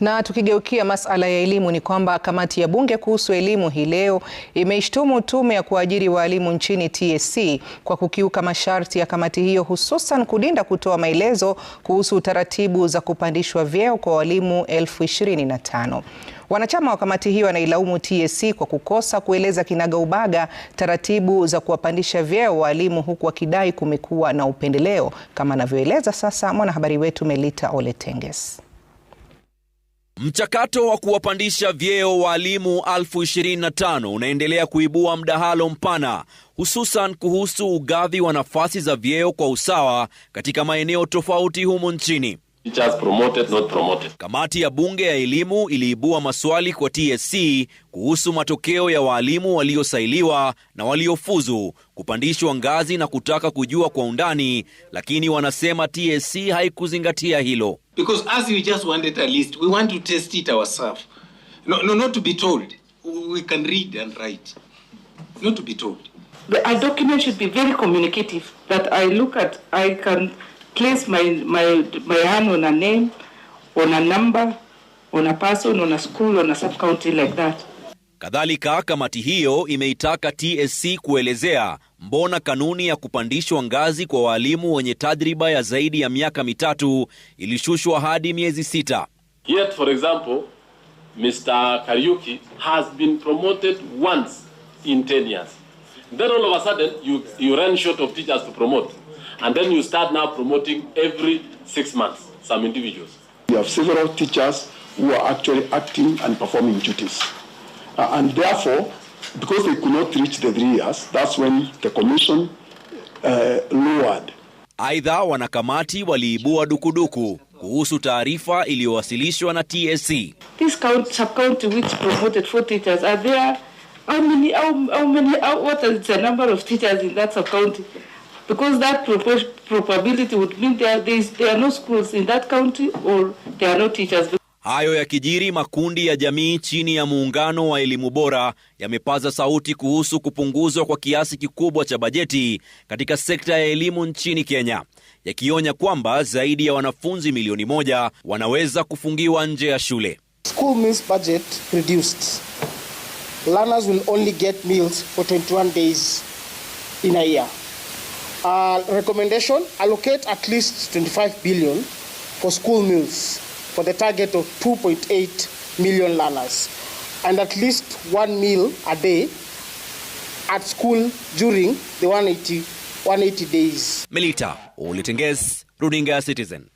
Na tukigeukia masala ya elimu ni kwamba kamati ya bunge kuhusu elimu hii leo imeishtumu tume ya kuajiri walimu nchini TSC kwa kukiuka masharti ya kamati hiyo hususan kudinda kutoa maelezo kuhusu taratibu za kupandishwa vyeo kwa walimu elfu ishirini na tano. Wanachama wa kamati hiyo wanailaumu TSC kwa kukosa kueleza kinagaubaga taratibu za kuwapandisha vyeo walimu huku wakidai kumekuwa na upendeleo, kama anavyoeleza sasa mwanahabari wetu Melita Oletenges. Mchakato wa kuwapandisha vyeo waalimu elfu 25 unaendelea kuibua mdahalo mpana hususan kuhusu ugavi wa nafasi za vyeo kwa usawa katika maeneo tofauti humo nchini. Teachers promoted, not promoted. Kamati ya bunge ya elimu iliibua maswali kwa TSC kuhusu matokeo ya waalimu waliosailiwa na waliofuzu kupandishwa ngazi na kutaka kujua kwa undani, lakini wanasema TSC haikuzingatia hilo. Because as just wanted a list, we want to test it ourselves. No, no, not to be told. We can read and write. Not to be told. document should be very communicative that I look at, I can place my, my, my hand on a name, on a number, on a person, on a school, on a sub-county like that. Kadhalika, kamati hiyo imeitaka TSC kuelezea mbona kanuni ya kupandishwa ngazi kwa walimu wenye tajriba ya zaidi ya miaka mitatu ilishushwa hadi miezi sita. Yet for example, Mr. Kariuki has been promoted once in 10 years. Then all of a sudden, you, you run short of teachers to promote. And then you start now promoting every six months, some individuals. We have several teachers who are actually acting and performing duties. Uh, and therefore, because they could not reach the three years, that's when the commission uh, lowered. Aidha, wanakamati waliibua dukuduku kuhusu taarifa iliyowasilishwa na TSC. This sub-county which promoted four teachers are there how many how, how many how, what is the number of teachers in that county because that probability would mean there, there, is, there are no schools in that county or there are no teachers. Hayo yakijiri, makundi ya jamii chini ya muungano wa elimu bora yamepaza sauti kuhusu kupunguzwa kwa kiasi kikubwa cha bajeti katika sekta ya elimu nchini Kenya, yakionya kwamba zaidi ya wanafunzi milioni moja wanaweza kufungiwa nje ya shule. School means budget reduced learners will only get meals for 21 days in a year. Uh, recommendation, allocate at least 25 billion for school meals for the target of 2.8 million learners and at least one meal a day at school during the 180, 180 days. Melita Olitenges, Rudinga Citizen.